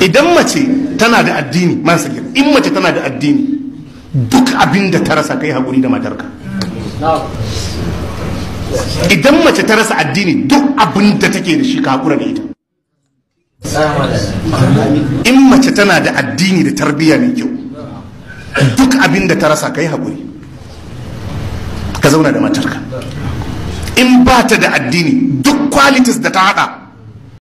idan mace tana da addini masu in mace tana da addini duk abin da ta rasa kai haƙuri da matarka idan mace ta rasa addini duk abin da take da shi ka haƙura da ita in mace tana da addini da tarbiyya mai kyau duk abin da ta rasa kai haƙuri ka zauna da matarka in ba ta da addini duk qualities da ta haɗa